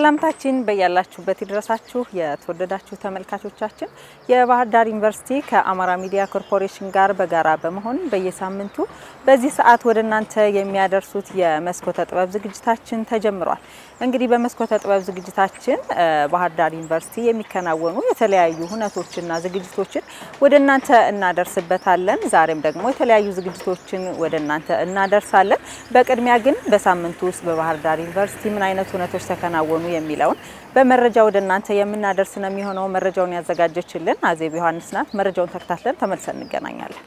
ሰላምታችን በያላችሁበት ይድረሳችሁ የተወደዳችሁ ተመልካቾቻችን። የባህር ዳር ዩኒቨርሲቲ ከአማራ ሚዲያ ኮርፖሬሽን ጋር በጋራ በመሆን በየሳምንቱ በዚህ ሰዓት ወደ እናንተ የሚያደርሱት የመስኮተ ጥበብ ዝግጅታችን ተጀምሯል። እንግዲህ በመስኮተ ጥበብ ዝግጅታችን ባህር ዳር ዩኒቨርሲቲ የሚከናወኑ የተለያዩ ሁነቶችና ዝግጅቶችን ወደ እናንተ እናደርስበታለን። ዛሬም ደግሞ የተለያዩ ዝግጅቶችን ወደ እናንተ እናደርሳለን። በቅድሚያ ግን በሳምንቱ ውስጥ በባህር ዳር ዩኒቨርሲቲ ምን አይነት ሁነቶች ተከናወኑ የሚለውን በመረጃ ወደ እናንተ የምናደርስ ነው የሚሆነው። መረጃውን ያዘጋጀችልን አዜብ ዮሐንስ ናት። መረጃውን ተከታትለን ተመልሰን እንገናኛለን።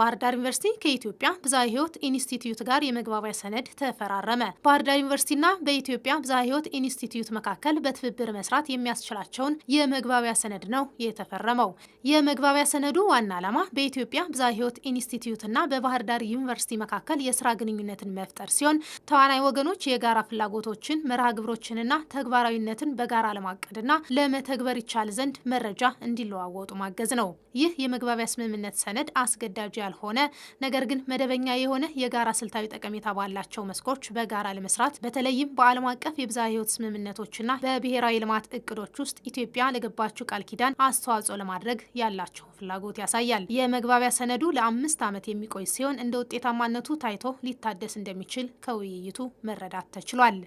ባህር ዳር ዩኒቨርሲቲ ከኢትዮጵያ ብዝሃ ህይወት ኢንስቲትዩት ጋር የመግባቢያ ሰነድ ተፈራረመ። ባህር ዳር ዩኒቨርሲቲና በኢትዮጵያ ብዝሃ ህይወት ኢንስቲትዩት መካከል በትብብር መስራት የሚያስችላቸውን የመግባቢያ ሰነድ ነው የተፈረመው። የመግባቢያ ሰነዱ ዋና ዓላማ በኢትዮጵያ ብዝሃ ህይወት ኢንስቲትዩትና በባህር ዳር ዩኒቨርሲቲ መካከል የስራ ግንኙነትን መፍጠር ሲሆን ተዋናይ ወገኖች የጋራ ፍላጎቶችን መርሃ ግብሮችንና ተግባራዊነትን በጋራ ለማቀድና ለመተግበር ይቻል ዘንድ መረጃ እንዲለዋወጡ ማገዝ ነው። ይህ የመግባቢያ ስምምነት ሰነድ አስገዳጅ ያልሆነ ነገር ግን መደበኛ የሆነ የጋራ ስልታዊ ጠቀሜታ ባላቸው መስኮች በጋራ ለመስራት በተለይም በዓለም አቀፍ የብዝሃ ስምምነቶች ስምምነቶችና በብሔራዊ ልማት እቅዶች ውስጥ ኢትዮጵያ ለገባችው ቃል ኪዳን አስተዋጽኦ ለማድረግ ያላቸው ፍላጎት ያሳያል። የመግባቢያ ሰነዱ ለአምስት ዓመት የሚቆይ ሲሆን እንደ ውጤታማነቱ ታይቶ ሊታደስ እንደሚችል ከውይይቱ መረዳት ተችሏል።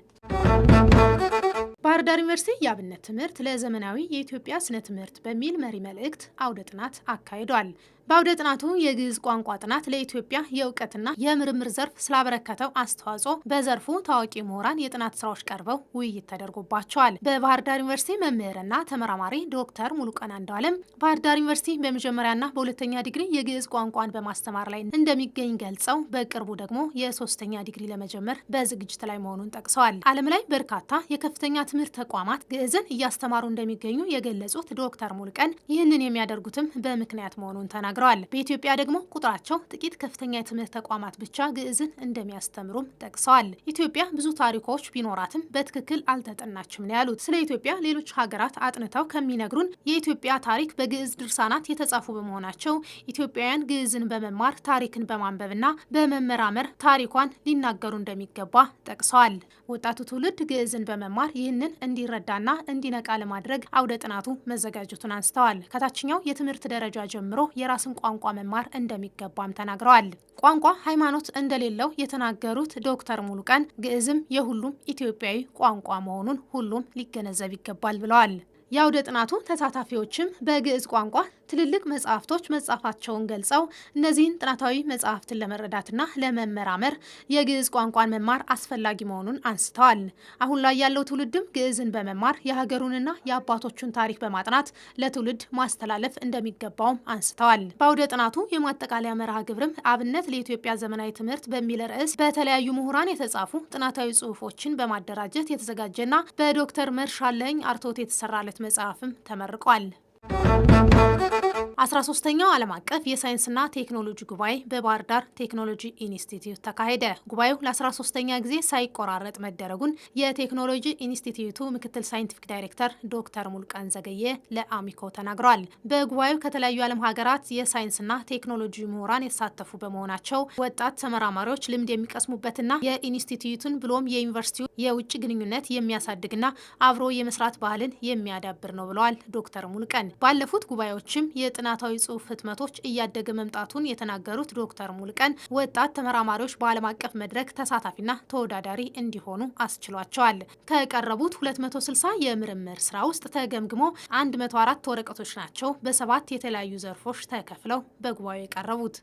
ባህር ዳር ዩኒቨርሲቲ የአብነት ትምህርት ለዘመናዊ የኢትዮጵያ ስነ ትምህርት በሚል መሪ መልእክት አውደ ጥናት አካሂዷል። በአውደ ጥናቱ የግዕዝ ቋንቋ ጥናት ለኢትዮጵያ የእውቀትና የምርምር ዘርፍ ስላበረከተው አስተዋጽኦ በዘርፉ ታዋቂ ምሁራን የጥናት ስራዎች ቀርበው ውይይት ተደርጎባቸዋል። በባህር ዳር ዩኒቨርሲቲ መምህርና ተመራማሪ ዶክተር ሙሉቀን አንዱዓለም ባህር ዳር ዩኒቨርሲቲ በመጀመሪያና በሁለተኛ ዲግሪ የግዕዝ ቋንቋን በማስተማር ላይ እንደሚገኝ ገልጸው በቅርቡ ደግሞ የሶስተኛ ዲግሪ ለመጀመር በዝግጅት ላይ መሆኑን ጠቅሰዋል። ዓለም ላይ በርካታ የከፍተኛ ትምህርት ተቋማት ግዕዝን እያስተማሩ እንደሚገኙ የገለጹት ዶክተር ሙሉቀን ይህንን የሚያደርጉትም በምክንያት መሆኑን ተናግረዋል። ተናግረዋል። በኢትዮጵያ ደግሞ ቁጥራቸው ጥቂት ከፍተኛ የትምህርት ተቋማት ብቻ ግዕዝን እንደሚያስተምሩም ጠቅሰዋል። ኢትዮጵያ ብዙ ታሪኮች ቢኖራትም በትክክል አልተጠናችም ነው ያሉት። ስለ ኢትዮጵያ ሌሎች ሀገራት አጥንተው ከሚነግሩን የኢትዮጵያ ታሪክ በግዕዝ ድርሳናት የተጻፉ በመሆናቸው ኢትዮጵያውያን ግዕዝን በመማር ታሪክን በማንበብና በመመራመር ታሪኳን ሊናገሩ እንደሚገባ ጠቅሰዋል። ወጣቱ ትውልድ ግዕዝን በመማር ይህንን እንዲረዳና እንዲነቃ ለማድረግ አውደ ጥናቱ መዘጋጀቱን አንስተዋል። ከታችኛው የትምህርት ደረጃ ጀምሮ የራ የራስን ቋንቋ መማር እንደሚገባም ተናግረዋል። ቋንቋ ሃይማኖት እንደሌለው የተናገሩት ዶክተር ሙሉቀን ግዕዝም የሁሉም ኢትዮጵያዊ ቋንቋ መሆኑን ሁሉም ሊገነዘብ ይገባል ብለዋል። የአውደ ጥናቱ ተሳታፊዎችም በግዕዝ ቋንቋ ትልልቅ መጽሐፍቶች መጻፋቸውን ገልጸው እነዚህን ጥናታዊ መጽሐፍትን ለመረዳትና ለመመራመር የግዕዝ ቋንቋን መማር አስፈላጊ መሆኑን አንስተዋል። አሁን ላይ ያለው ትውልድም ግዕዝን በመማር የሀገሩንና የአባቶቹን ታሪክ በማጥናት ለትውልድ ማስተላለፍ እንደሚገባውም አንስተዋል። በአውደ ጥናቱ የማጠቃለያ መርሃ ግብርም አብነት ለኢትዮጵያ ዘመናዊ ትምህርት በሚል ርዕስ በተለያዩ ምሁራን የተጻፉ ጥናታዊ ጽሁፎችን በማደራጀት የተዘጋጀና በዶክተር መርሻለኝ አርቶት የተሰራለት መጽሐፍም ተመርቋል። አስራሶስተኛው ዓለም አቀፍ የሳይንስና ቴክኖሎጂ ጉባኤ በባህር ዳር ቴክኖሎጂ ኢንስቲትዩት ተካሄደ። ጉባኤው ለ 13 ጊዜ ሳይቆራረጥ መደረጉን የቴክኖሎጂ ኢንስቲትዩቱ ምክትል ሳይንቲፊክ ዳይሬክተር ዶክተር ሙልቀን ዘገየ ለአሚኮ ተናግረዋል። በጉባኤው ከተለያዩ ዓለም ሀገራት የሳይንስና ቴክኖሎጂ ምሁራን የተሳተፉ በመሆናቸው ወጣት ተመራማሪዎች ልምድ የሚቀስሙበትና የኢንስቲትዩቱን ብሎም የዩኒቨርሲቲው የውጭ ግንኙነት የሚያሳድግና አብሮ የመስራት ባህልን የሚያዳብር ነው ብለዋል ዶክተር ሙልቀን ባለፉት ጉባኤዎችም የጥና ጥናታዊ ጽሑፍ ህትመቶች እያደገ መምጣቱን የተናገሩት ዶክተር ሙልቀን ወጣት ተመራማሪዎች በዓለም አቀፍ መድረክ ተሳታፊና ተወዳዳሪ እንዲሆኑ አስችሏቸዋል። ከቀረቡት 260 የምርምር ስራ ውስጥ ተገምግሞ 104 ወረቀቶች ናቸው በሰባት የተለያዩ ዘርፎች ተከፍለው በጉባኤው የቀረቡት።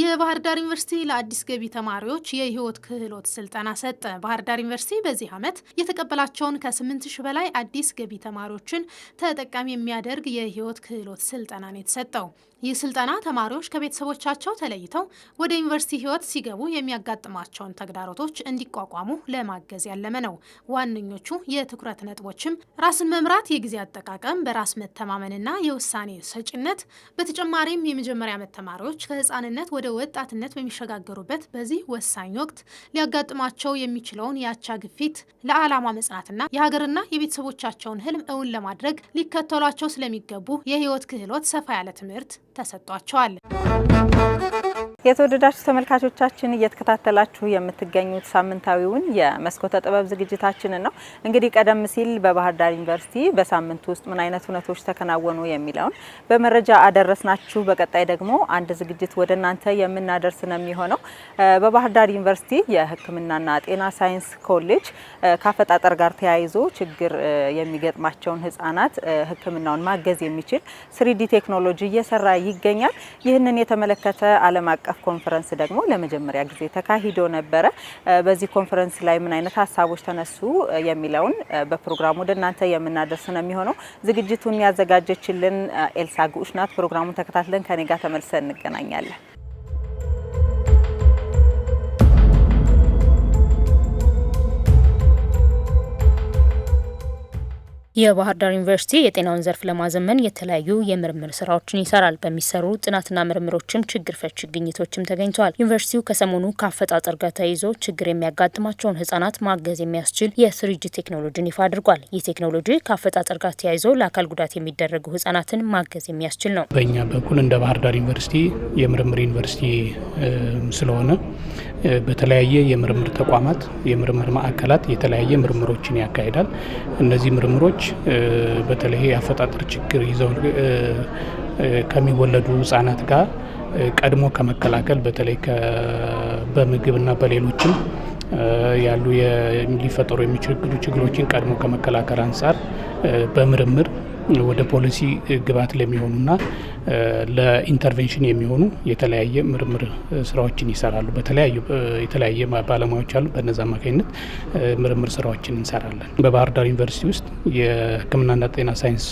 የባህር ዳር ዩኒቨርሲቲ ለአዲስ ገቢ ተማሪዎች የህይወት ክህሎት ስልጠና ሰጠ። ባህር ዳር ዩኒቨርሲቲ በዚህ ዓመት የተቀበላቸውን ከ8 ሺህ በላይ አዲስ ገቢ ተማሪዎችን ተጠቃሚ የሚያደርግ የህይወት ክህሎት ስልጠና ነው የተሰጠው። ይህ ስልጠና ተማሪዎች ከቤተሰቦቻቸው ተለይተው ወደ ዩኒቨርሲቲ ህይወት ሲገቡ የሚያጋጥማቸውን ተግዳሮቶች እንዲቋቋሙ ለማገዝ ያለመ ነው። ዋነኞቹ የትኩረት ነጥቦችም ራስን መምራት፣ የጊዜ አጠቃቀም፣ በራስ መተማመንና የውሳኔ ሰጭነት። በተጨማሪም የመጀመሪያ ዓመት ተማሪዎች ከህፃንነት ወደ ወጣትነት በሚሸጋገሩበት በዚህ ወሳኝ ወቅት ሊያጋጥማቸው የሚችለውን የአቻ ግፊት፣ ለዓላማ መጽናትና የሀገርና የቤተሰቦቻቸውን ህልም እውን ለማድረግ ሊከተሏቸው ስለሚገቡ የህይወት ክህሎት ሰፋ ያለ ትምህርት ተሰጧቸዋል የተወደዳችሁ ተመልካቾቻችን እየተከታተላችሁ የምትገኙት ሳምንታዊውን የመስኮተ ጥበብ ዝግጅታችንን ነው። እንግዲህ ቀደም ሲል በባህር ዳር ዩኒቨርሲቲ በሳምንት ውስጥ ምን አይነት እውነቶች ተከናወኑ የሚለውን በመረጃ አደረስናችሁ። በቀጣይ ደግሞ አንድ ዝግጅት ወደ እናንተ የምናደርስ ነው የሚሆነው። በባህር ዳር ዩኒቨርሲቲ የሕክምናና ጤና ሳይንስ ኮሌጅ ከአፈጣጠር ጋር ተያይዞ ችግር የሚገጥማቸውን ሕጻናት ሕክምናውን ማገዝ የሚችል ስሪዲ ቴክኖሎጂ እየሰራ ይገኛል። ይህንን የተመለከተ አለም አቀፍ አቀፍ ኮንፈረንስ ደግሞ ለመጀመሪያ ጊዜ ተካሂዶ ነበረ። በዚህ ኮንፈረንስ ላይ ምን አይነት ሀሳቦች ተነሱ የሚለውን በፕሮግራሙ ወደ እናንተ የምናደርስ ነው የሚሆነው። ዝግጅቱን ያዘጋጀችልን ኤልሳ ጉሽ ናት። ፕሮግራሙን ተከታትለን ከኔ ጋር ተመልሰን እንገናኛለን። የባህር ዳር ዩኒቨርሲቲ የጤናውን ዘርፍ ለማዘመን የተለያዩ የምርምር ስራዎችን ይሰራል። በሚሰሩ ጥናትና ምርምሮችም ችግር ፈች ግኝቶችም ተገኝተዋል። ዩኒቨርሲቲው ከሰሞኑ ከአፈጣጠር ጋር ተይዞ ችግር የሚያጋጥማቸውን ህጻናት ማገዝ የሚያስችል የስሪጅ ቴክኖሎጂን ይፋ አድርጓል። ይህ ቴክኖሎጂ ከአፈጣጠር ጋር ተያይዞ ለአካል ጉዳት የሚደረጉ ህጻናትን ማገዝ የሚያስችል ነው። በእኛ በኩል እንደ ባህር ዳር ዩኒቨርሲቲ የምርምር ዩኒቨርሲቲ ስለሆነ በተለያየ የምርምር ተቋማት የምርምር ማዕከላት የተለያየ ምርምሮችን ያካሂዳል። እነዚህ ምርምሮች በተለይ የአፈጣጠር ችግር ይዘው ከሚወለዱ ህጻናት ጋር ቀድሞ ከመከላከል በተለይ በምግብና በሌሎችም ያሉ ሊፈጠሩ የሚችግሉ ችግሮችን ቀድሞ ከመከላከል አንጻር በምርምር ወደ ፖሊሲ ግብዓት ለሚሆኑና ለኢንተርቬንሽን የሚሆኑ የተለያየ ምርምር ስራዎችን ይሰራሉ። በተለያዩ የተለያየ ባለሙያዎች አሉ። በነዛ አማካኝነት ምርምር ስራዎችን እንሰራለን። በባህር ዳር ዩኒቨርሲቲ ውስጥ የሕክምናና ጤና ሳይንስ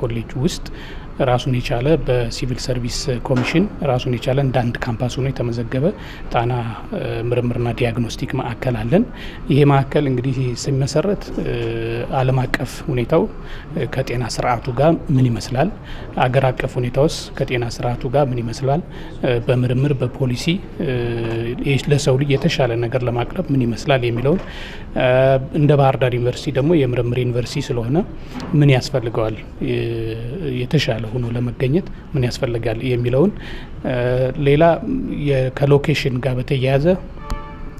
ኮሌጅ ውስጥ ራሱን የቻለ በሲቪል ሰርቪስ ኮሚሽን ራሱን የቻለ እንደ አንድ ካምፓስ ሆኖ የተመዘገበ ጣና ምርምርና ዲያግኖስቲክ ማዕከል አለን። ይሄ ማዕከል እንግዲህ ሲመሰረት ዓለም አቀፍ ሁኔታው ከጤና ስርዓቱ ጋር ምን ይመስላል፣ አገር አቀፍ ሁኔታውስ ከጤና ስርዓቱ ጋር ምን ይመስላል፣ በምርምር በፖሊሲ ለሰው ልጅ የተሻለ ነገር ለማቅረብ ምን ይመስላል የሚለውን እንደ ባህር ዳር ዩኒቨርሲቲ ደግሞ የምርምር ዩኒቨርሲቲ ስለሆነ ምን ያስፈልገዋል የተሻለ ሆኖ ለመገኘት ምን ያስፈልጋል የሚለውን ሌላ ከሎኬሽን ጋር በተያያዘ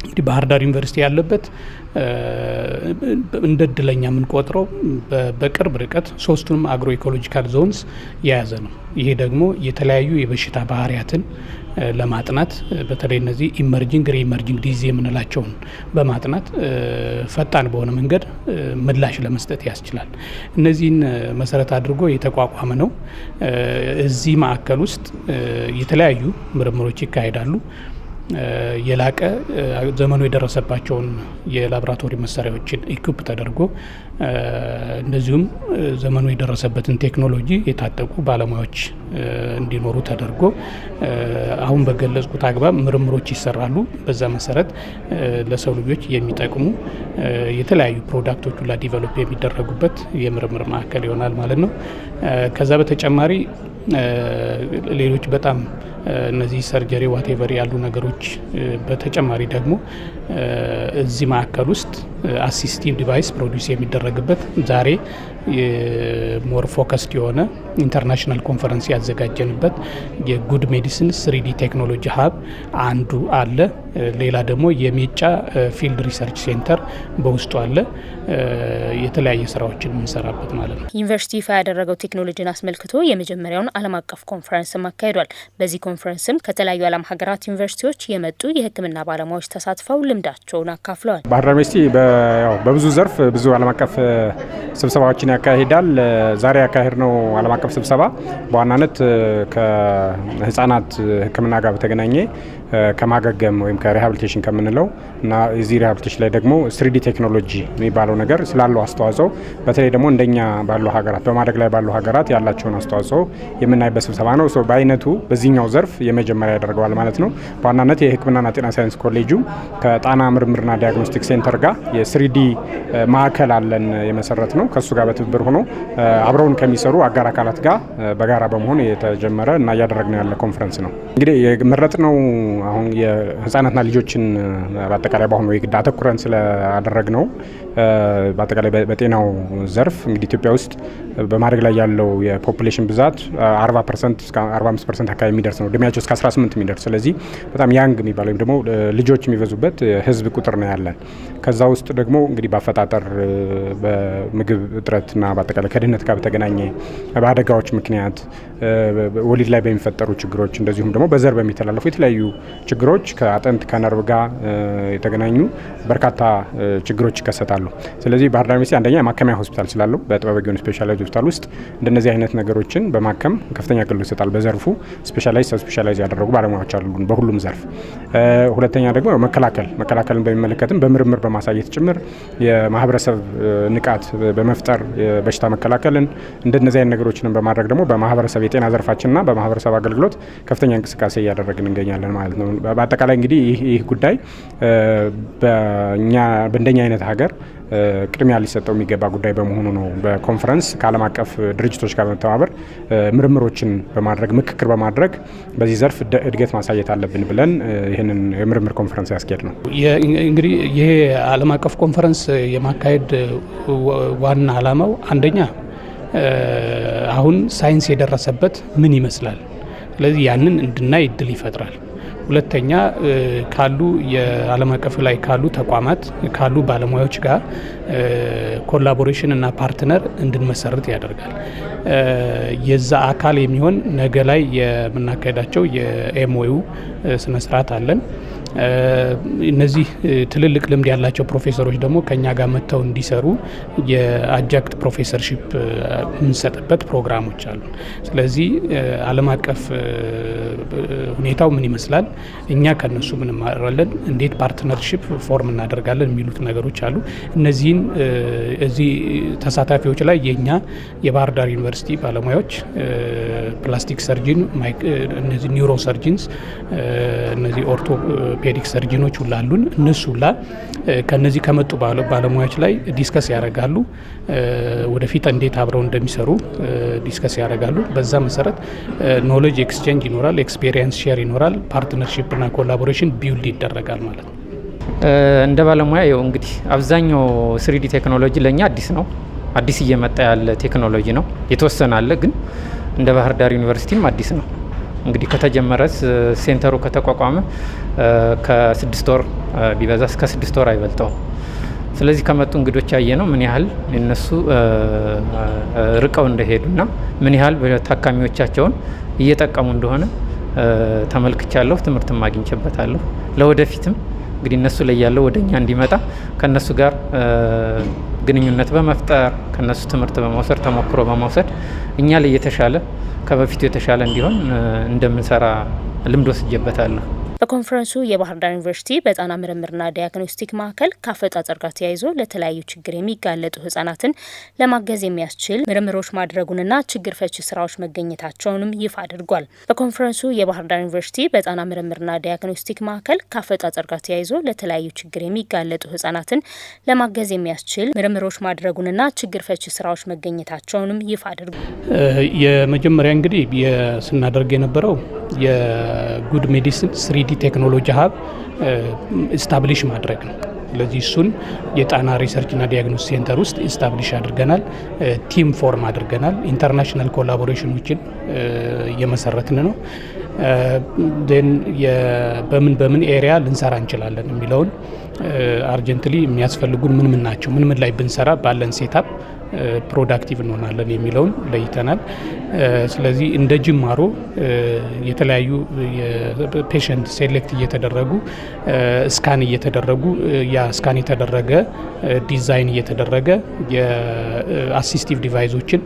እንግዲህ ባህር ዳር ዩኒቨርሲቲ ያለበት እንደ እድለኛ የምንቆጥረው በቅርብ ርቀት ሶስቱንም አግሮ ኢኮሎጂካል ዞንስ የያዘ ነው። ይሄ ደግሞ የተለያዩ የበሽታ ባህሪያትን ለማጥናት በተለይ እነዚህ ኢመርጂንግ ሪኢመርጂንግ ዲዚ የምንላቸውን በማጥናት ፈጣን በሆነ መንገድ ምላሽ ለመስጠት ያስችላል። እነዚህን መሰረት አድርጎ የተቋቋመ ነው። እዚህ ማዕከል ውስጥ የተለያዩ ምርምሮች ይካሄዳሉ። የላቀ ዘመኑ የደረሰባቸውን የላብራቶሪ መሳሪያዎችን ኢኩፕ ተደርጎ እንደዚሁም ዘመኑ የደረሰበትን ቴክኖሎጂ የታጠቁ ባለሙያዎች እንዲኖሩ ተደርጎ አሁን በገለጽኩት አግባብ ምርምሮች ይሰራሉ። በዛ መሰረት ለሰው ልጆች የሚጠቅሙ የተለያዩ ፕሮዳክቶቹ ላ ዲቨሎፕ የሚደረጉበት የምርምር ማዕከል ይሆናል ማለት ነው። ከዛ በተጨማሪ ሌሎች በጣም እነዚህ ሰርጀሪ ዋቴቨር ያሉ ነገሮች በተጨማሪ ደግሞ እዚህ ማዕከል ውስጥ አሲስቲቭ ዲቫይስ ፕሮዲስ የሚደረግበት ዛሬ ሞር ፎከስድ የሆነ ኢንተርናሽናል ኮንፈረንስ ያዘጋጀንበት የጉድ ሜዲሲን ስሪዲ ቴክኖሎጂ ሀብ አንዱ አለ። ሌላ ደግሞ የሜጫ ፊልድ ሪሰርች ሴንተር በውስጡ አለ። የተለያየ ስራዎችን የምንሰራበት ማለት ነው። ዩኒቨርሲቲ ይፋ ያደረገው ቴክኖሎጂን አስመልክቶ የመጀመሪያውን ዓለም አቀፍ ኮንፈረንስ አካሂዷል። በዚህ ኮንፈረንስም ከተለያዩ ዓለም ሀገራት ዩኒቨርሲቲዎች የመጡ የሕክምና ባለሙያዎች ተሳትፈው ልምዳቸውን አካፍለዋል። ባህርዳር ዩኒቨርሲቲ በብዙ ዘርፍ ብዙ ዓለም አቀፍ ስብሰባዎችን ያካሂዳል። ዛሬ ያካሄድ ነው ዓለም አቀፍ ስብሰባ በዋናነት ከህጻናት ሕክምና ጋር በተገናኘ ከማገገም ወይም ከሪሃብሊቴሽን ከምንለው እና እዚህ ሪሃብሊቴሽን ላይ ደግሞ ስሪዲ ቴክኖሎጂ የሚባለው ነገር ስላለው አስተዋጽኦ በተለይ ደግሞ እንደኛ ባሉ ሀገራት በማደግ ላይ ባሉ ሀገራት ያላቸውን አስተዋጽኦ የምናይበት ስብሰባ ነው። በአይነቱ በዚህኛው ዘርፍ የመጀመሪያ ያደርገዋል ማለት ነው። በዋናነት የሕክምናና ጤና ሳይንስ ኮሌጁ ከጣና ምርምርና ዲያግኖስቲክ ሴንተር ጋር የስሪዲ ማዕከል አለን የመሰረት ነው። ከእሱ ጋር በትብብር ሆኖ አብረውን ከሚሰሩ አጋር አካላት ጋር በጋራ በመሆን የተጀመረ እና እያደረግነው ያለ ኮንፈረንስ ነው። እንግዲህ የመረጥነው አሁን የህጻናትና ልጆችን በአጠቃላይ በአሁኑ ተኩረን አተኩረን አደረግ ነው። በአጠቃላይ በጤናው ዘርፍ እንግዲህ ኢትዮጵያ ውስጥ በማድረግ ላይ ያለው የፖፕሌሽን ብዛት 40 ፐርሰንት እስከ 45 ፐርሰንት አካባቢ የሚደርስ ነው፣ እድሜያቸው እስከ 18 የሚደርስ ስለዚህ በጣም ያንግ የሚባል ወይም ደግሞ ልጆች የሚበዙበት ህዝብ ቁጥር ነው ያለን። ከዛ ውስጥ ደግሞ እንግዲህ በአፈጣጠር በምግብ እጥረትና በአጠቃላይ ከድህነት ጋር በተገናኘ በአደጋዎች ምክንያት ወሊድ ላይ በሚፈጠሩ ችግሮች እንደዚሁም ደግሞ በዘር በሚተላለፉ የተለያዩ ችግሮች ከአጥንት ከነርቭ ጋር የተገናኙ በርካታ ችግሮች ይከሰታሉ። ስለዚህ ባህር ዳር ዩኒቨርሲቲ አንደኛ የማከሚያ ሆስፒታል ስላለው በጥበበ ግዮን ሆስፒታል ውስጥ እንደነዚህ አይነት ነገሮችን በማከም ከፍተኛ አገልግሎት ይሰጣል። በዘርፉ ስፔሻላይዝ ስፔሻላይዝ ያደረጉ ባለሙያዎች አሉን በሁሉም ዘርፍ። ሁለተኛ ደግሞ መከላከል መከላከልን በሚመለከትም በምርምር በማሳየት ጭምር የማህበረሰብ ንቃት በመፍጠር በሽታ መከላከልን እንደነዚህ አይነት ነገሮችንም በማድረግ ደግሞ በማህበረሰብ የጤና ዘርፋችንና በማህበረሰብ አገልግሎት ከፍተኛ እንቅስቃሴ እያደረግን እንገኛለን ማለት ነው። በአጠቃላይ እንግዲህ ይህ ጉዳይ በእኛ በእንደኛ አይነት ሀገር ቅድሚያ ሊሰጠው የሚገባ ጉዳይ በመሆኑ ነው። በኮንፈረንስ ከዓለም አቀፍ ድርጅቶች ጋር በመተባበር ምርምሮችን በማድረግ ምክክር በማድረግ በዚህ ዘርፍ እድገት ማሳየት አለብን ብለን ይህንን የምርምር ኮንፈረንስ ያስኬድ ነው። እንግዲህ ይሄ ዓለም አቀፍ ኮንፈረንስ የማካሄድ ዋና ዓላማው አንደኛ አሁን ሳይንስ የደረሰበት ምን ይመስላል፣ ስለዚህ ያንን እንድናይ እድል ይፈጥራል። ሁለተኛ ካሉ የዓለም አቀፍ ላይ ካሉ ተቋማት ካሉ ባለሙያዎች ጋር ኮላቦሬሽን እና ፓርትነር እንድንመሰርት ያደርጋል። የዛ አካል የሚሆን ነገ ላይ የምናካሄዳቸው የኤምኦዩ ስነስርዓት አለን። እነዚህ ትልልቅ ልምድ ያላቸው ፕሮፌሰሮች ደግሞ ከኛ ጋር መጥተው እንዲሰሩ የአጃክት ፕሮፌሰርሺፕ የምንሰጥበት ፕሮግራሞች አሉ። ስለዚህ ዓለም አቀፍ ሁኔታው ምን ይመስላል፣ እኛ ከነሱ ምን እንማራለን፣ እንዴት ፓርትነርሺፕ ፎርም እናደርጋለን የሚሉት ነገሮች አሉ። እነዚህን እዚህ ተሳታፊዎች ላይ የእኛ የባህር ዳር ዩኒቨርሲቲ ባለሙያዎች ፕላስቲክ ሰርጂን፣ እነዚህ ኒውሮ ሰርጂንስ፣ እነዚህ ኦርቶ ኦርቶፔዲክ ሰርጅኖች ሁላሉን እነሱ ሁላ ከነዚህ ከመጡ ባለሙያዎች ላይ ዲስከስ ያደርጋሉ። ወደፊት እንዴት አብረው እንደሚሰሩ ዲስከስ ያደርጋሉ። በዛ መሰረት ኖሌጅ ኤክስቼንጅ ይኖራል፣ ኤክስፔሪየንስ ሼር ይኖራል፣ ና ኮላቦሬሽን ቢውልድ ይደረጋል ማለት ነው። እንደ ባለሙያ ይኸው እንግዲህ አብዛኛው ስሪዲ ቴክኖሎጂ ለእኛ አዲስ ነው። አዲስ እየመጣ ያለ ቴክኖሎጂ ነው። የተወሰነ አለ ግን እንደ ባህር ዳር ዩኒቨርሲቲም አዲስ ነው። እንግዲህ ከተጀመረ ሴንተሩ ከተቋቋመ ከስድስት ወር ቢበዛ እስከ ስድስት ወር አይበልጠው ስለዚህ ከመጡ እንግዶች ያየ ነው ምን ያህል እነሱ ርቀው እንደሄዱና ምን ያህል ታካሚዎቻቸውን እየጠቀሙ እንደሆነ ተመልክቻለሁ። ትምህርትም አግኝቼበታለሁ። ለወደፊትም እንግዲህ እነሱ ላይ ያለው ወደ እኛ እንዲመጣ ከእነሱ ጋር ግንኙነት በመፍጠር ከእነሱ ትምህርት በመውሰድ ተሞክሮ በመውሰድ እኛ ላይ የተሻለ ከበፊቱ የተሻለ እንዲሆን እንደምንሰራ ልምድ ወስጄበታለሁ። በኮንፈረንሱ የባህር ዳር ዩኒቨርሲቲ በህጻና ምርምርና ዲያግኖስቲክ ማዕከል ከአፈጻጸር ጋር ተያይዞ ለተለያዩ ችግር የሚጋለጡ ህጻናትን ለማገዝ የሚያስችል ምርምሮች ማድረጉንና ችግር ፈቺ ስራዎች መገኘታቸውንም ይፋ አድርጓል። በኮንፈረንሱ የባህር ዳር ዩኒቨርሲቲ በህጻና ምርምርና ዲያግኖስቲክ ማዕከል ከአፈጻጸር ጋር ተያይዞ ለተለያዩ ችግር የሚጋለጡ ህጻናትን ለማገዝ የሚያስችል ምርምሮች ማድረጉንና ችግር ፈቺ ስራዎች መገኘታቸውንም ይፋ አድርጓል። የመጀመሪያ እንግዲህ ስናደርግ የነበረው የጉድ ሜዲሲን ስሪዲ የአይቲ ቴክኖሎጂ ሀብ ስታብሊሽ ማድረግ ነው። ስለዚህ እሱን የጣና ሪሰርችና ዲያግኖስ ሴንተር ውስጥ ኢስታብሊሽ አድርገናል። ቲም ፎርም አድርገናል። ኢንተርናሽናል ኮላቦሬሽኖችን እየመሰረትን ነው። ን በምን በምን ኤሪያ ልንሰራ እንችላለን የሚለውን አርጀንትሊ የሚያስፈልጉን ምን ምን ናቸው፣ ምን ምን ላይ ብንሰራ ባለን ሴታፕ ፕሮዳክቲቭ እንሆናለን የሚለውን ለይተናል። ስለዚህ እንደ ጅማሮ የተለያዩ ፔሸንት ሴሌክት እየተደረጉ ስካን እየተደረጉ ያ ስካን የተደረገ ዲዛይን እየተደረገ የአሲስቲቭ ዲቫይሶችን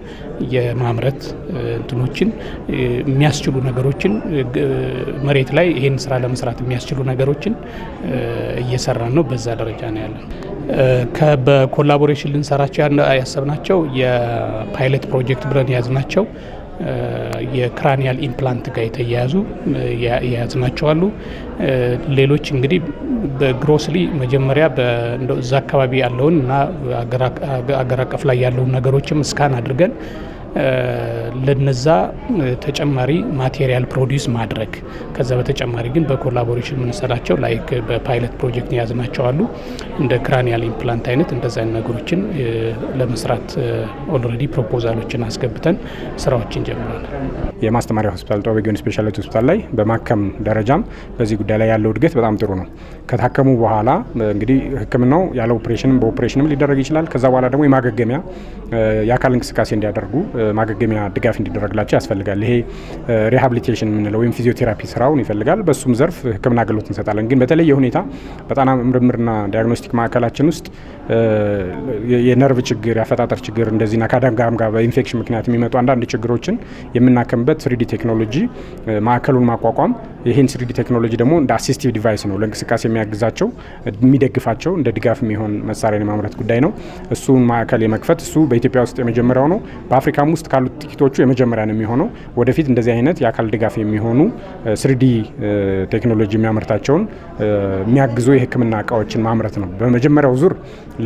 የማምረት እንትኖችን የሚያስችሉ ነገሮችን መሬት ላይ ይህን ስራ ለመስራት የሚያስችሉ ነገሮችን እየሰራን ነው። በዛ ደረጃ ነው ያለን። በኮላቦሬሽን ልንሰራቸው ያሰብናቸው የፓይለት ፕሮጀክት ብለን የያዝናቸው የክራኒያል ኢምፕላንት ጋር የተያያዙ የያዝናቸው አሉ። ሌሎች እንግዲህ በግሮስሊ መጀመሪያ እዛ አካባቢ ያለውን እና አገር አቀፍ ላይ ያለውን ነገሮችም እስካን አድርገን ለነዛ ተጨማሪ ማቴሪያል ፕሮዲውስ ማድረግ ከዛ በተጨማሪ ግን በኮላቦሬሽን የምንሰራቸው ላይክ በፓይለት ፕሮጀክት የያዝናቸው አሉ እንደ ክራኒያል ኢምፕላንት አይነት እንደዚ አይነት ነገሮችን ለመስራት ኦልሬዲ ፕሮፖዛሎችን አስገብተን ስራዎችን ጀምረናል። የማስተማሪያ ሆስፒታል ጦቢያ ጊዮን ሆስፒታል ላይ በማከም ደረጃም በዚህ ጉዳይ ላይ ያለው እድገት በጣም ጥሩ ነው። ከታከሙ በኋላ እንግዲህ ሕክምናው ያለ ኦፕሬሽንም በኦፕሬሽንም ሊደረግ ይችላል። ከዛ በኋላ ደግሞ የማገገሚያ የአካል እንቅስቃሴ እንዲያደርጉ ማገገሚያ ድጋፍ እንዲደረግላቸው ያስፈልጋል። ይሄ ሪሃብሊቴሽን የምንለው ወይም ፊዚዮቴራፒ ስራውን ይፈልጋል። በሱም ዘርፍ ሕክምና አገልግሎት እንሰጣለን። ግን በተለየ ሁኔታ በጣና ምርምርና ዲያግኖስቲክ ማዕከላችን ውስጥ የነርቭ ችግር፣ የአፈጣጠር ችግር እንደዚህና ከአደጋም ጋር በኢንፌክሽን ምክንያት የሚመጡ አንዳንድ ችግሮችን የምናከምበት ስሪዲ ቴክኖሎጂ ማዕከሉን ማቋቋም ይህን ስሪዲ ቴክኖሎጂ ደግሞ እንደ አሲስቲቭ ዲቫይስ ነው ለእንቅስቃሴ የሚያግዛቸው የሚደግፋቸው እንደ ድጋፍ የሚሆን መሳሪያን የማምረት ጉዳይ ነው። እሱን ማዕከል የመክፈት እሱ በኢትዮጵያ ውስጥ የመጀመሪያው ነው። በአፍሪካም ውስጥ ካሉት ጥቂቶቹ የመጀመሪያ ነው የሚሆነው። ወደፊት እንደዚህ አይነት የአካል ድጋፍ የሚሆኑ ስሪዲ ቴክኖሎጂ የሚያመርታቸውን የሚያግዙ የህክምና እቃዎችን ማምረት ነው። በመጀመሪያው ዙር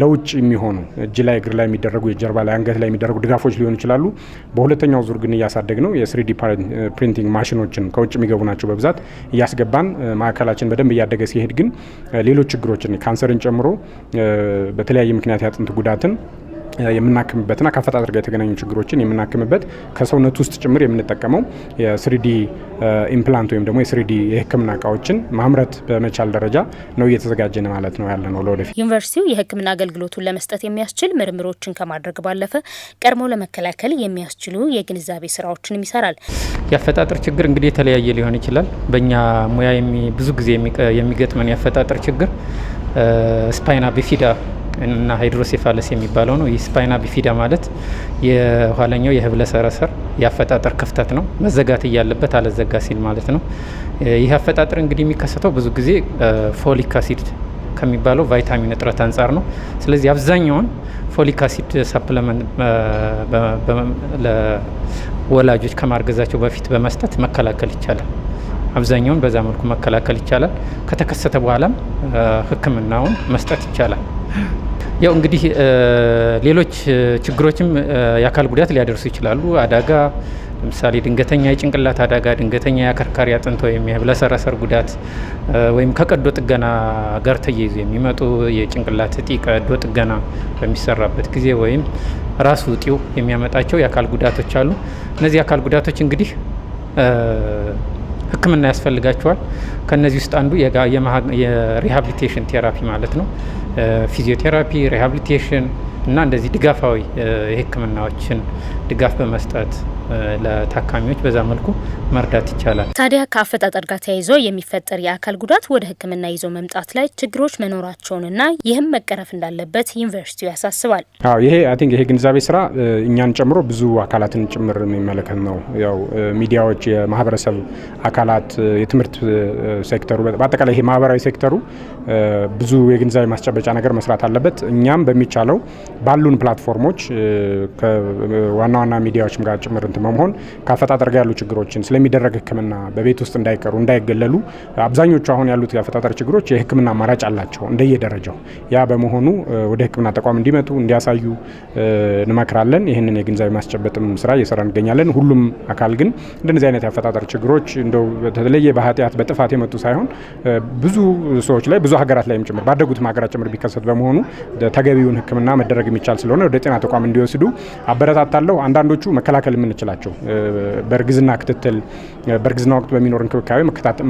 ለውጭ የሚሆኑ እጅ ላይ እግር ላይ የሚደረጉ የጀርባ ላይ አንገት ላይ የሚደረጉ ድጋፎች ሊሆኑ ይችላሉ። በሁለተኛው ዙር ግን እያሳደግ ነው የስሪዲ ፕሪንቲንግ ማሽኖችን ከውጭ የሚገቡ ናቸው በብዛት እያስገባን ማዕከላችን በደንብ እያደገ ሲሄድ ግን ሌሎች ችግሮችን ካንሰርን ጨምሮ በተለያየ ምክንያት ያጥንት ጉዳትን የምናክምበትና ከአፈጣጠር ጋር የተገናኙ ችግሮችን የምናክምበት ከሰውነት ውስጥ ጭምር የምንጠቀመው የስሪዲ ኢምፕላንት ወይም ደግሞ የስሪዲ የህክምና እቃዎችን ማምረት በመቻል ደረጃ ነው እየተዘጋጀን ማለት ነው ያለ ነው። ለወደፊት ዩኒቨርሲቲው የህክምና አገልግሎቱን ለመስጠት የሚያስችል ምርምሮችን ከማድረግ ባለፈ ቀድሞ ለመከላከል የሚያስችሉ የግንዛቤ ስራዎችንም ይሰራል። የአፈጣጠር ችግር እንግዲህ የተለያየ ሊሆን ይችላል። በእኛ ሙያ ብዙ ጊዜ የሚገጥመን የአፈጣጠር ችግር ስፓይና ቢፊዳ እና ሃይድሮሴፋለስ የሚባለው ነው። ይህ ስፓይና ቢፊዳ ማለት የኋለኛው የህብለ ሰረሰር የአፈጣጠር ክፍተት ነው። መዘጋት እያለበት አለዘጋ ሲል ማለት ነው። ይህ አፈጣጠር እንግዲህ የሚከሰተው ብዙ ጊዜ ፎሊክ አሲድ ከሚባለው ቫይታሚን እጥረት አንጻር ነው። ስለዚህ አብዛኛውን ፎሊክ አሲድ ሳፕለመንት ለወላጆች ከማርገዛቸው በፊት በመስጠት መከላከል ይቻላል። አብዛኛውን በዛ መልኩ መከላከል ይቻላል። ከተከሰተ በኋላም ህክምናውን መስጠት ይቻላል። ያው እንግዲህ ሌሎች ችግሮችም የአካል ጉዳት ሊያደርሱ ይችላሉ። አደጋ ለምሳሌ ድንገተኛ የጭንቅላት አደጋ፣ ድንገተኛ የአከርካሪ አጥንት ወይም የህብለሰረሰር ጉዳት ወይም ከቀዶ ጥገና ጋር ተያይዞ የሚመጡ የጭንቅላት እጢ ቀዶ ጥገና በሚሰራበት ጊዜ ወይም ራሱ እጢው የሚያመጣቸው የአካል ጉዳቶች አሉ። እነዚህ የአካል ጉዳቶች እንግዲህ ህክምና ያስፈልጋቸዋል። ከነዚህ ውስጥ አንዱ የሪሃብሊቴሽን ቴራፒ ማለት ነው። ፊዚዮቴራፒ፣ ሪሃብሊቴሽን እና እንደዚህ ድጋፋዊ የህክምናዎችን ድጋፍ በመስጠት ለታካሚዎች በዛ መልኩ መርዳት ይቻላል። ታዲያ ከአፈጣጠር ጋር ተያይዞ የሚፈጠር የአካል ጉዳት ወደ ሕክምና ይዞ መምጣት ላይ ችግሮች መኖራቸውንና ይህም መቀረፍ እንዳለበት ዩኒቨርሲቲው ያሳስባል። ይሄ አይ ቲንክ ይሄ ግንዛቤ ስራ እኛን ጨምሮ ብዙ አካላትን ጭምር የሚመለከት ነው። ያው ሚዲያዎች፣ የማህበረሰብ አካላት፣ የትምህርት ሴክተሩ በአጠቃላይ ይሄ ማህበራዊ ሴክተሩ ብዙ የግንዛቤ ማስጨበጫ ነገር መስራት አለበት። እኛም በሚቻለው ባሉን ፕላትፎርሞች ከዋና ዋና ሚዲያዎችም ጋር ጭምር በመሆን ከአፈጣጠር ጋር ያሉ ችግሮችን ስለሚደረግ ህክምና በቤት ውስጥ እንዳይቀሩ እንዳይገለሉ፣ አብዛኞቹ አሁን ያሉት የአፈጣጠር ችግሮች የህክምና አማራጭ አላቸው እንደየደረጃው። ያ በመሆኑ ወደ ህክምና ተቋም እንዲመጡ እንዲያሳዩ እንመክራለን። ይህንን የግንዛቤ ማስጨበጥም ስራ እየሰራ እንገኛለን። ሁሉም አካል ግን እንደነዚህ አይነት የአፈጣጠር ችግሮች እንደው በተለየ በኃጢአት በጥፋት የመጡ ሳይሆን ብዙ ሰዎች ላይ ብዙ ሀገራት ላይም ጭምር ባደጉትም ሀገራት ጭምር ቢከሰት በመሆኑ ተገቢውን ህክምና መደረግ የሚቻል ስለሆነ ወደ ጤና ተቋም እንዲወስዱ አበረታታለሁ። አንዳንዶቹ መከላከል የምንችላል የምንችላቸው በእርግዝና ክትትል በእርግዝና ወቅት በሚኖር እንክብካቤ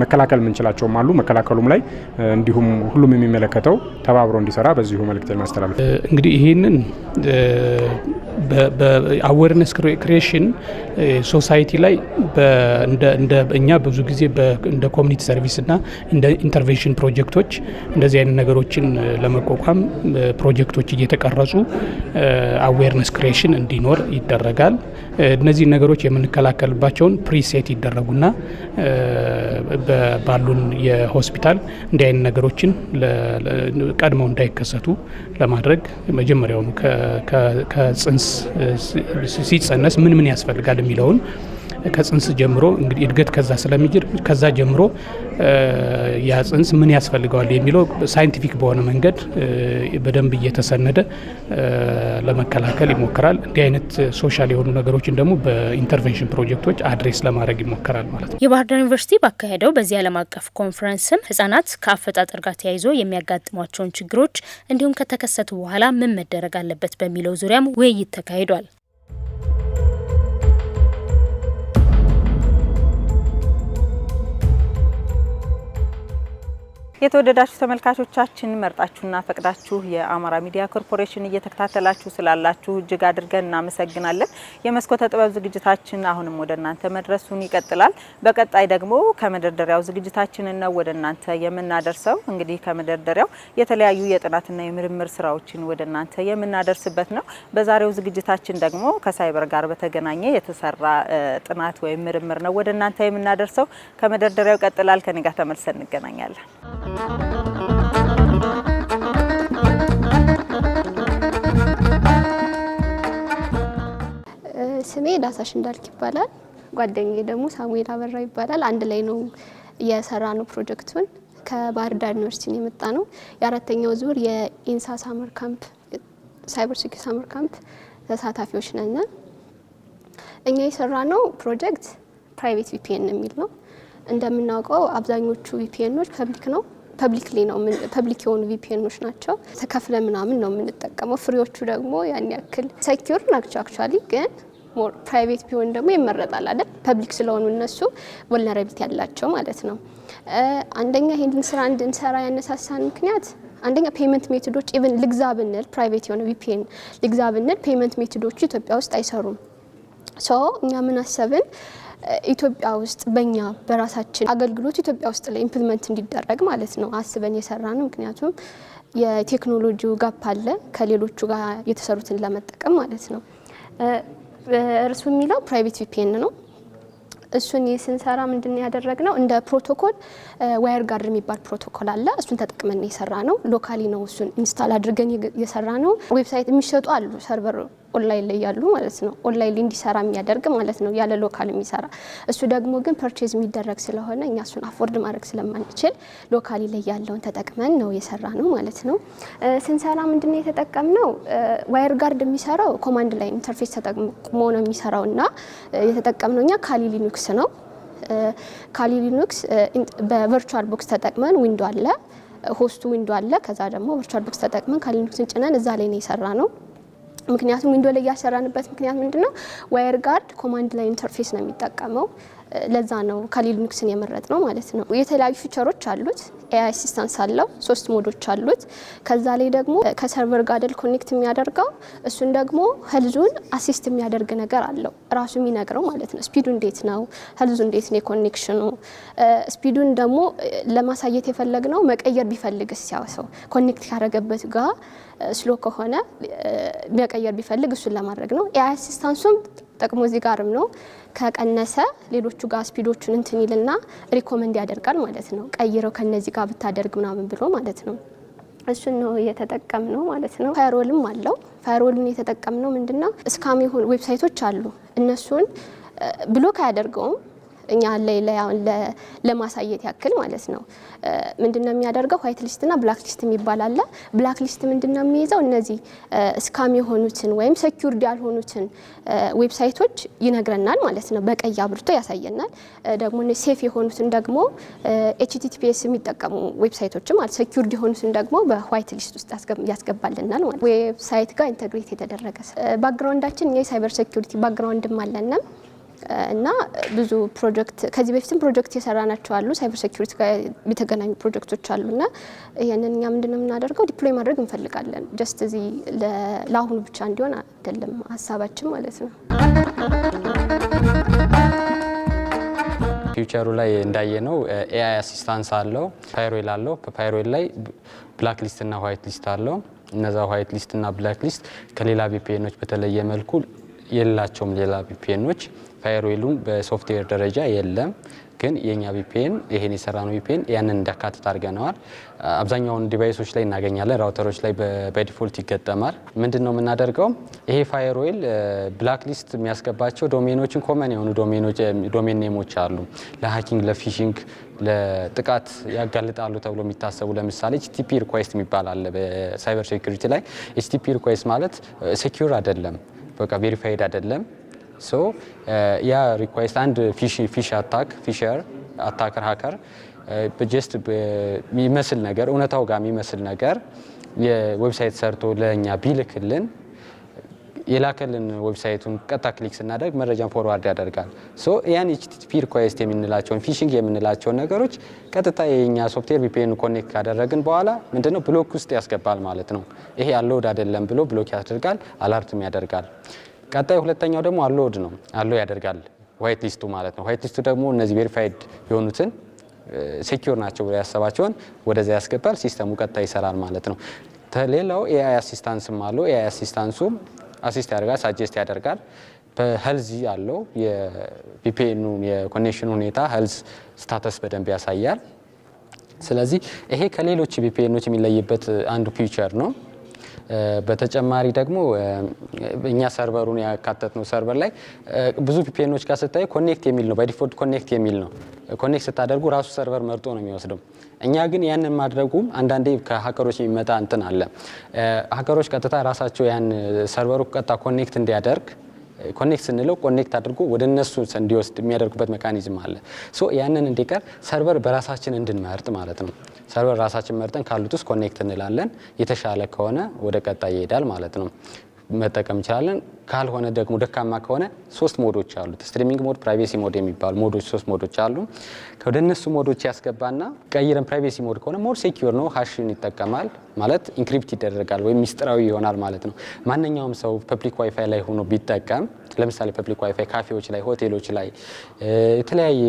መከላከል የምንችላቸውም አሉ። መከላከሉም ላይ እንዲሁም ሁሉም የሚመለከተው ተባብሮ እንዲሰራ በዚሁ መልእክት ማስተላለፍ እንግዲህ ይህንን አዌርነስ ክሬሽን ሶሳይቲ ላይ እኛ ብዙ ጊዜ እንደ ኮሚኒቲ ሰርቪስ እና እንደ ኢንተርቬንሽን ፕሮጀክቶች እንደዚህ አይነት ነገሮችን ለመቋቋም ፕሮጀክቶች እየተቀረጹ አዌርነስ ክሬሽን እንዲኖር ይደረጋል። እነዚህ ነገሮች የምንከላከልባቸውን ፕሪሴት ይደረጉና ባሉን የሆስፒታል እንዲህ አይነት ነገሮችን ቀድመው እንዳይከሰቱ ለማድረግ መጀመሪያውኑ ከጽንስ ሲጸነስ ምን ምን ያስፈልጋል የሚለውን ከጽንስ ጀምሮ እንግዲህ እድገት ከዛ ስለሚጅር ከዛ ጀምሮ ያ ጽንስ ምን ያስፈልገዋል የሚለው ሳይንቲፊክ በሆነ መንገድ በደንብ እየተሰነደ ለመከላከል ይሞከራል። እንዲህ አይነት ሶሻል የሆኑ ነገሮችን ደግሞ በኢንተርቬንሽን ፕሮጀክቶች አድሬስ ለማድረግ ይሞከራል ማለት ነው። የባህር ዳር ዩኒቨርሲቲ ባካሄደው በዚህ ዓለም አቀፍ ኮንፈረንስም ህጻናት ከአፈጣጠር ጋር ተያይዞ የሚያጋጥሟቸውን ችግሮች እንዲሁም ከተከሰቱ በኋላ ምን መደረግ አለበት በሚለው ዙሪያም ውይይት ተካሂዷል። የተወደዳችሁ ተመልካቾቻችን መርጣችሁና ፈቅዳችሁ የአማራ ሚዲያ ኮርፖሬሽን እየተከታተላችሁ ስላላችሁ እጅግ አድርገን እናመሰግናለን። የመስኮተ ጥበብ ዝግጅታችን አሁንም ወደ እናንተ መድረሱን ይቀጥላል። በቀጣይ ደግሞ ከመደርደሪያው ዝግጅታችን ነው ወደ እናንተ የምናደርሰው። እንግዲህ ከመደርደሪያው የተለያዩ የጥናትና የምርምር ስራዎችን ወደ እናንተ የምናደርስበት ነው። በዛሬው ዝግጅታችን ደግሞ ከሳይበር ጋር በተገናኘ የተሰራ ጥናት ወይም ምርምር ነው ወደ እናንተ የምናደርሰው። ከመደርደሪያው ይቀጥላል። ከኔ ጋር ተመልሰን እንገናኛለን። ስሜ ዳሳሽ እንዳልክ ይባላል። ጓደኛዬ ደግሞ ሳሙኤል አበራ ይባላል። አንድ ላይ ነው የሰራ ነው ፕሮጀክቱን ከባህር ዳር ዩኒቨርሲቲ የመጣ ነው። የአራተኛው ዙር የኢንሳ ሳመር ካምፕ ሳይበር ሴኩሪቲ ሳመር ካምፕ ተሳታፊዎች ነን። እኛ የሰራ ነው ፕሮጀክት ፕራይቬት ቪፒኤን የሚል ነው። እንደምናውቀው አብዛኞቹ ቪፒኤኖች ፐብሊክ ነው ፐብሊክ ላይ ነው ፐብሊክ የሆኑ ቪፒኤኖች ናቸው። ተከፍለ ምናምን ነው የምንጠቀመው። ፍሪዎቹ ደግሞ ያን ያክል ሰኪር ናቸው አክቹዋሊ ግን ሞር ፕራይቬት ቢሆን ደግሞ ይመረጣል አይደል? ፐብሊክ ስለሆኑ እነሱ ወልነረቢት ያላቸው ማለት ነው። አንደኛ ይህንን ስራ እንድንሰራ ያነሳሳን ምክንያት አንደኛ ፔመንት ሜቶዶች ኢቨን ልግዛ ብንል ፕራይቬት የሆነ ቪፒኤን ልግዛ ብንል ፔመንት ሜቶዶቹ ኢትዮጵያ ውስጥ አይሰሩም። ሶ እኛ ምን አሰብን ኢትዮጵያ ውስጥ በኛ በራሳችን አገልግሎት ኢትዮጵያ ውስጥ ላይ ኢምፕልመንት እንዲደረግ ማለት ነው አስበን የሰራ ነው። ምክንያቱም የቴክኖሎጂው ጋፕ አለ ከሌሎቹ ጋር የተሰሩትን ለመጠቀም ማለት ነው። እርሱ የሚለው ፕራይቬት ቪፒኤን ነው። እሱን ስንሰራ ምንድን ያደረግ ነው እንደ ፕሮቶኮል ዋየር ጋርድ የሚባል ፕሮቶኮል አለ። እሱን ተጠቅመን የሰራ ነው። ሎካሊ ነው እሱን ኢንስታል አድርገን የሰራ ነው። ዌብሳይት የሚሸጡ አሉ ሰርቨር ኦንላይን ላይ ያሉ ማለት ነው። ኦንላይን ላይ እንዲሰራ የሚያደርግ ማለት ነው፣ ያለ ሎካል የሚሰራ እሱ ደግሞ ግን ፐርቼዝ የሚደረግ ስለሆነ እኛ እሱን አፎርድ ማድረግ ስለማንችል ሎካሊ ላይ ያለውን ተጠቅመን ነው የሰራ ነው ማለት ነው። ስንሰራ ምንድን ነው የተጠቀምነው? ዋየር ጋርድ የሚሰራው ኮማንድ ላይ ኢንተርፌስ ተጠቅሞ ነው የሚሰራው እና የተጠቀምነው እኛ ካሊ ሊኑክስ ነው። ካሊ ሊኑክስ በቨርቹዋል ቦክስ ተጠቅመን ዊንዶ አለ ሆስቱ ዊንዶ አለ። ከዛ ደግሞ ቨርቹዋል ቦክስ ተጠቅመን ካሊኑክስን ጭነን እዛ ላይ ነው የሰራ ነው። ምክንያቱም ዊንዶ ላይ እያሰራንበት ምክንያት ነው? ዋየር ጋርድ ኮማንድ ላይ ኢንተርፌስ ነው የሚጠቀመው። ለዛ ነው ከሊኑክስን የመረጥ ነው ማለት ነው። የተለያዩ ፊቸሮች አሉት። ኤአይ አሲስታንስ አለው፣ ሶስት ሞዶች አሉት። ከዛ ላይ ደግሞ ከሰርቨር ጋር አይደል ኮኔክት የሚያደርገው እሱን ደግሞ ህልዙን አሲስት የሚያደርግ ነገር አለው ራሱ የሚነግረው ማለት ነው። ስፒዱ እንዴት ነው፣ ህልዙ እንዴት ነው፣ ኮኔክሽኑ ስፒዱን ደግሞ ለማሳየት የፈለግ ነው። መቀየር ቢፈልግ ሲያው ሰው ኮኔክት ያደረገበት ጋር ስሎ ከሆነ መቀየር ቢፈልግ እሱን ለማድረግ ነው። ኤአይ አሲስታንሱም ጥቅሙ እዚህ ጋርም ነው። ከቀነሰ ሌሎቹ ጋር ስፒዶቹን እንትን ይልና ሪኮመንድ ያደርጋል ማለት ነው። ቀይረው ከነዚህ ጋር ብታደርግ ምናምን ብሎ ማለት ነው። እሱን ነው እየተጠቀም ነው ማለት ነው። ፋይሮልም አለው። ፋይሮልን የተጠቀም ነው ምንድነው እስካም የሆኑ ዌብሳይቶች አሉ እነሱን ብሎክ አያደርገውም እኛ ለማሳየት ያክል ማለት ነው። ምንድነው የሚያደርገው? ዋይት ሊስት እና ብላክ ሊስት የሚባል አለ። ብላክ ሊስት ምንድነው የሚይዘው? እነዚህ ስካም የሆኑትን ወይም ሴኪዩርድ ያልሆኑትን ዌብሳይቶች ይነግረናል ማለት ነው። በቀይ አብርቶ ያሳየናል። ደግሞ ሴፍ የሆኑትን ደግሞ ኤችቲቲፒኤስ የሚጠቀሙ ዌብሳይቶች ማለት ሴኪዩርድ የሆኑትን ደግሞ በዋይት ሊስት ውስጥ ያስገባልናል ማለት ዌብሳይት ጋር ኢንተግሬት የተደረገ ባክግራውንዳችን የሳይበር ሴኪዩሪቲ ባክግራውንድም አለንም እና ብዙ ፕሮጀክት ከዚህ በፊትም ፕሮጀክት የሰራናቸው አሉ። ሳይበር ሴኩሪቲ ጋር የተገናኙ ፕሮጀክቶች እና ይህንን እኛ ምንድነው የምናደርገው ዲፕሎይ ማድረግ እንፈልጋለን። ጀስት እዚህ ለአሁኑ ብቻ እንዲሆን አይደለም ሀሳባችን ማለት ነው። ፊውቸሩ ላይ እንዳየ ነው ኤአይ አሲስታንስ አለው፣ ፓይሮል አለው። በፓይሮል ላይ ብላክ ሊስት እና ዋይት ሊስት አለው። እነዛ ዋይት ሊስት እና ብላክ ሊስት ከሌላ ቪፒኤኖች በተለየ መልኩ የሌላቸውም ሌላ ቪፒኤኖች ፋይርዌሉም በሶፍትዌር ደረጃ የለም። ግን የኛ ቪፒኤን ይሄን የሰራ ነው ቪፒኤን ያንን እንዳካትት አድርገነዋል። አብዛኛውን ዲቫይሶች ላይ እናገኛለን፣ ራውተሮች ላይ በዲፎልት ይገጠማል። ምንድን ነው የምናደርገው? ይሄ ፋየርዌል ብላክ ሊስት የሚያስገባቸው ዶሜኖችን ኮመን የሆኑ ዶሜን ኔሞች አሉ ለሀኪንግ፣ ለፊሽንግ፣ ለጥቃት ያጋልጣሉ ተብሎ የሚታሰቡ ለምሳሌ ኤችቲፒ ሪኳስት የሚባል አለ በሳይበር ሴኩሪቲ ላይ ኤችቲፒ ሪኳስት ማለት ሴኪር አይደለም፣ በቃ ቬሪፋይድ አይደለም ሶ ያ ሪኳይስት አንድ ፊሽ አታክ ፊሸር አታከር ሀከር ጀስት የሚመስል ነገር እውነታው ጋር የሚመስል ነገር የዌብሳይት ሰርቶ ለእኛ ቢልክልን የላከልን ዌብሳይቱን ቀጥታ ክሊክ ስናደርግ መረጃን ፎርዋርድ ያደርጋል። ሶ ያን ኤችቲቲፒ ሪኳይስት የምንላቸውን ፊሽንግ የምንላቸውን ነገሮች ቀጥታ የኛ ሶፍትዌር ቪፒኤን ኮኔክት ካደረግን በኋላ ምንድነው ብሎክ ውስጥ ያስገባል ማለት ነው። ይሄ አለውድ አይደለም ብሎ ብሎክ ያደርጋል፣ አላርትም ያደርጋል። ቀጣይ ሁለተኛው ደግሞ አሎድ ነው። አሎ ያደርጋል ዋይት ሊስቱ ማለት ነው። ዋይት ሊስቱ ደግሞ እነዚህ ቬሪፋይድ የሆኑትን ሴኪር ናቸው ብሎ ያሰባቸውን ወደዚያ ያስገባል። ሲስተሙ ቀጣይ ይሰራል ማለት ነው። ሌላው ኤአይ አሲስታንስም አለው። ኤአይ አሲስታንሱ አሲስት ያደርጋል፣ ሳጀስት ያደርጋል። በህልዝ ያለው የቪፒኤኑ የኮኔክሽን ሁኔታ ህልዝ ስታተስ በደንብ ያሳያል። ስለዚህ ይሄ ከሌሎች ቪፒኤኖች የሚለይበት አንዱ ፊቸር ነው። በተጨማሪ ደግሞ እኛ ሰርቨሩን ነው ሰርቨር ላይ ብዙ ፒፒኖች ጋር ስታይ ኮኔክት የሚል ነው፣ በዲፎልት ኮኔክት የሚል ነው። ኮኔክት ስታደርጉ ራሱ ሰርቨር መርጦ ነው የሚወስደው። እኛ ግን ያንን ማድረጉም አንዳንዴ ከሀከሮች የሚመጣ እንትን አለ። ሀከሮች ቀጥታ ራሳቸው ያን ሰርቨሩ ቀጥታ ኮኔክት እንዲያደርግ ኮኔክት ስንለው ኮኔክት አድርጎ ወደ እነሱ እንዲወስድ የሚያደርጉበት ሜካኒዝም አለ። ሶ ያንን እንዲቀር ሰርቨር በራሳችን እንድንመርጥ ማለት ነው። ሰርቨር ራሳችን መርጠን ካሉት ውስጥ ኮኔክት እንላለን። የተሻለ ከሆነ ወደ ቀጣይ ይሄዳል ማለት ነው። መጠቀም እንችላለን። ካልሆነ ደግሞ ደካማ ከሆነ ሶስት ሞዶች አሉት። ስትሪሚንግ ሞድ፣ ፕራይቬሲ ሞድ የሚባሉ ሞዶች ሶስት ሞዶች አሉ። ወደ እነሱ ሞዶች ያስገባና ቀይረን ፕራይቬሲ ሞድ ከሆነ ሞድ ሴኪር ነው፣ ሀሽን ይጠቀማል ማለት ኢንክሪፕት ይደረጋል ወይም ሚስጥራዊ ይሆናል ማለት ነው። ማንኛውም ሰው ፐብሊክ ዋይፋይ ላይ ሆኖ ቢጠቀም ለምሳሌ ፐብሊክ ዋይፋይ ካፌዎች ላይ፣ ሆቴሎች ላይ፣ የተለያየ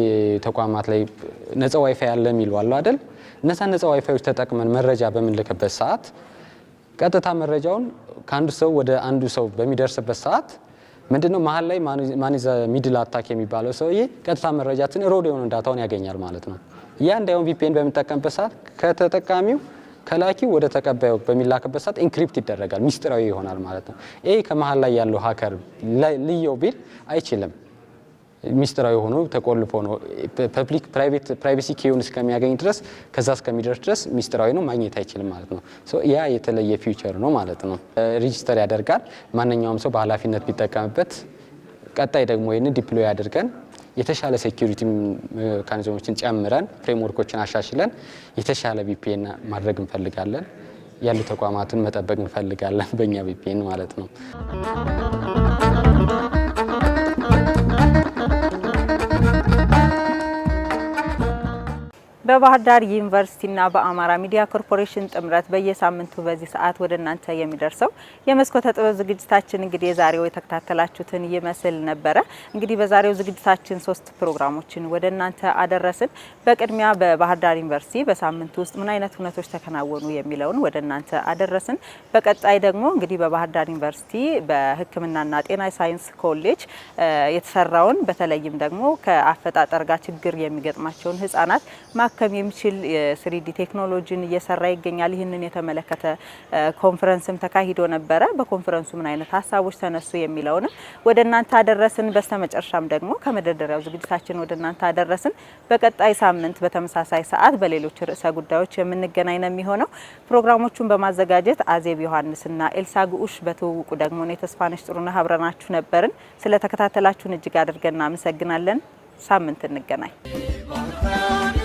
ተቋማት ላይ ነፃ ዋይፋይ አለ የሚሉ አሉ አደል እነዛ ነፃ ዋይፋዮች ተጠቅመን መረጃ በምንልክበት ሰዓት ቀጥታ መረጃውን ከአንዱ ሰው ወደ አንዱ ሰው በሚደርስበት ሰዓት ምንድነው መሀል ላይ ማኒዘ ሚድል አታክ የሚባለው ሰውዬ ቀጥታ መረጃትን ሮድ የሆነ ዳታውን ያገኛል ማለት ነው። ያ እንዳይሆን ቪፒኤን በሚጠቀምበት ሰዓት ከተጠቃሚው ከላኪ ወደ ተቀባዩ በሚላክበት ሰዓት ኢንክሪፕት ይደረጋል፣ ሚስጥራዊ ይሆናል ማለት ነው። ይሄ ከመሀል ላይ ያለው ሀከር ልየው ቢል አይችልም። ሚስጥራዊ ሆኖ ተቆልፎ ነው። ፐብሊክ ፕራይቬሲ ኪውን እስከሚያገኝ ድረስ ከዛ እስከሚደርስ ድረስ ሚስጥራዊ ነው፣ ማግኘት አይችልም ማለት ነው። ያ የተለየ ፊውቸር ነው ማለት ነው። ሬጅስተር ያደርጋል። ማንኛውም ሰው በኃላፊነት ቢጠቀምበት፣ ቀጣይ ደግሞ ይህንን ዲፕሎይ አድርገን የተሻለ ሴኪሪቲ ሜካኒዝሞችን ጨምረን ፍሬምወርኮችን አሻሽለን የተሻለ ቪፒኤን ማድረግ እንፈልጋለን። ያሉ ተቋማትን መጠበቅ እንፈልጋለን በእኛ ቪፒኤን ማለት ነው። በባህር ዳር ዩኒቨርሲቲና በአማራ ሚዲያ ኮርፖሬሽን ጥምረት በየሳምንቱ በዚህ ሰዓት ወደ እናንተ የሚደርሰው የመስኮተ ጥበብ ዝግጅታችን እንግዲህ የዛሬው የተከታተላችሁትን ይመስል ነበረ። እንግዲህ በዛሬው ዝግጅታችን ሶስት ፕሮግራሞችን ወደ እናንተ አደረስን። በቅድሚያ በባህር ዳር ዩኒቨርሲቲ በሳምንቱ ውስጥ ምን አይነት እውነቶች ተከናወኑ የሚለውን ወደ እናንተ አደረስን። በቀጣይ ደግሞ እንግዲህ በባህር ዳር ዩኒቨርሲቲ በሕክምናና ጤና ሳይንስ ኮሌጅ የተሰራውን በተለይም ደግሞ ከአፈጣጠር ጋር ችግር የሚገጥማቸውን ህጻናት ሊታከም የሚችል የስሪዲ ቴክኖሎጂን እየሰራ ይገኛል። ይህንን የተመለከተ ኮንፈረንስም ተካሂዶ ነበረ። በኮንፈረንሱ ምን አይነት ሀሳቦች ተነሱ የሚለውንም ወደ እናንተ አደረስን። በስተመጨረሻም ደግሞ ከመደርደሪያው ዝግጅታችን ወደ እናንተ አደረስን። በቀጣይ ሳምንት በተመሳሳይ ሰዓት በሌሎች ርዕሰ ጉዳዮች የምንገናኝ ነው የሚሆነው። ፕሮግራሞቹን በማዘጋጀት አዜብ ዮሐንስና ኤልሳ ጉኡሽ በትውውቁ ደግሞ ነው ተስፋነሽ ጥሩነህ አብረናችሁ ነበርን። ስለተከታተላችሁን እጅግ አድርገን እናመሰግናለን። ሳምንት እንገናኝ።